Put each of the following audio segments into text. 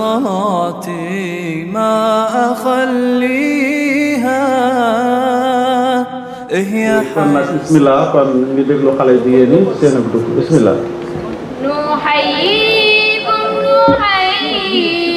صلاتي ما أخليها هي حياتي بسم الله كون ني ديغلو خالي جيني سينك دوك بسم الله نحييكم نحييكم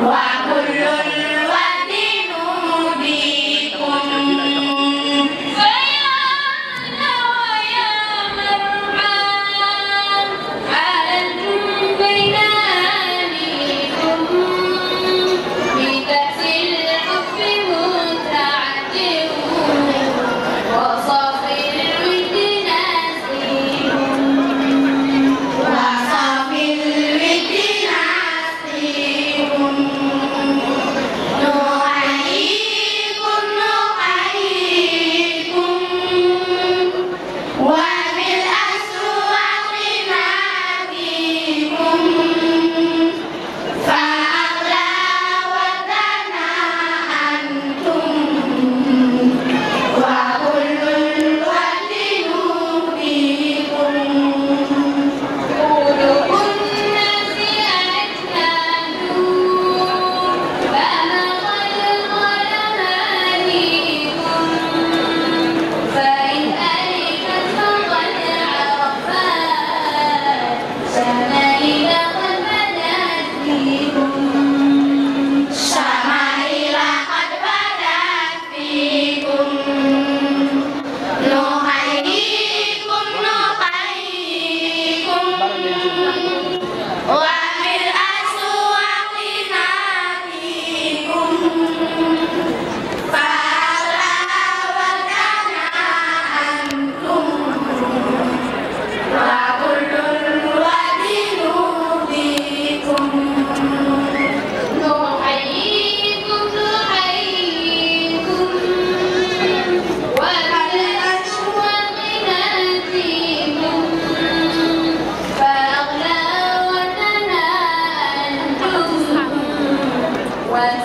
waaw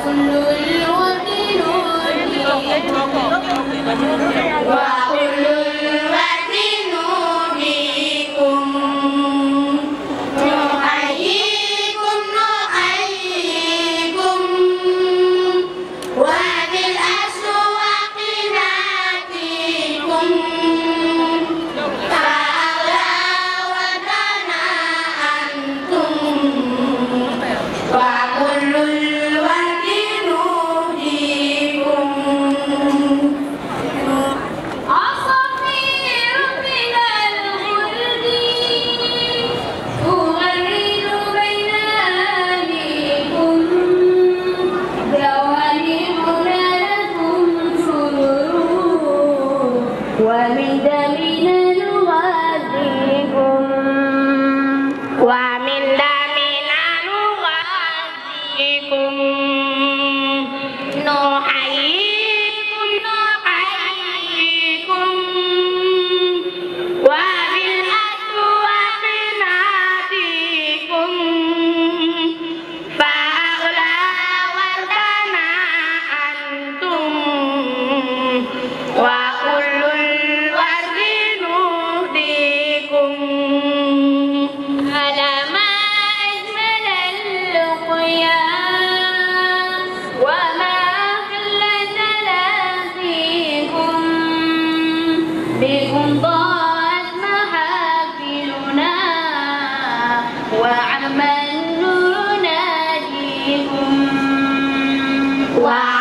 كل Wow.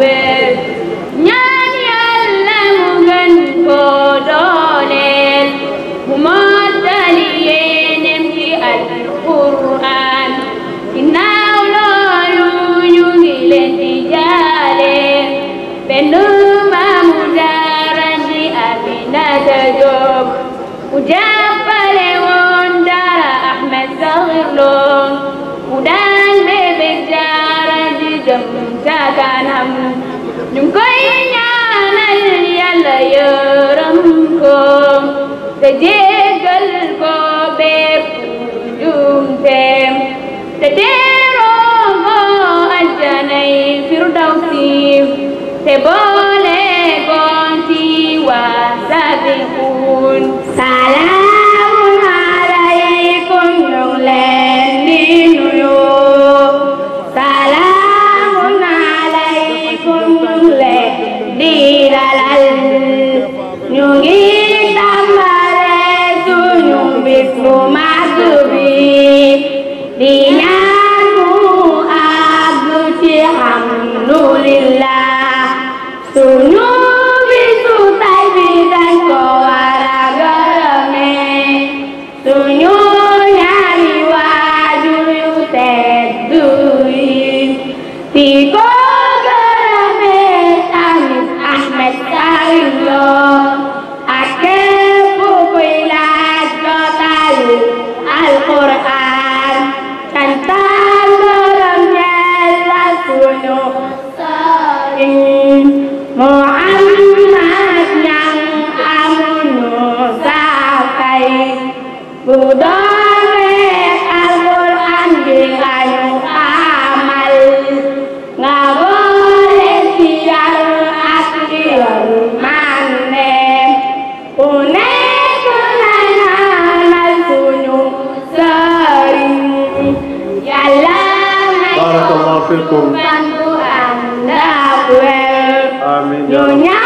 wér ñaan yàlla mu gën koo dooleel mu mottali yéenem ci alquran ginnaaw loolu ñu ngi leen di jaale benn maamu daara ji Aminata Diop mu jàppale woon daara Ahmed Sakhir Lo ñu ngi koy ñaanal yàlla yërëm ko te jéggal ko bépp njuumteem te teeroo ko aljanay firdawsi te boole ko ci waa sabiqun Barakallahu fikum. ñoo ñaar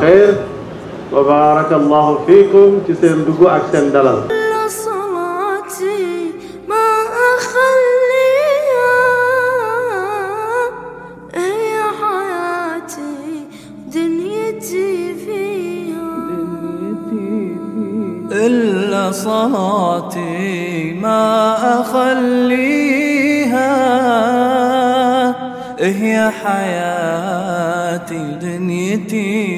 xeyr wa baarakallahu fiikum ci seen dugg ak seen dalal إلا صلاتي ما أخليها هي حياتي دنيتي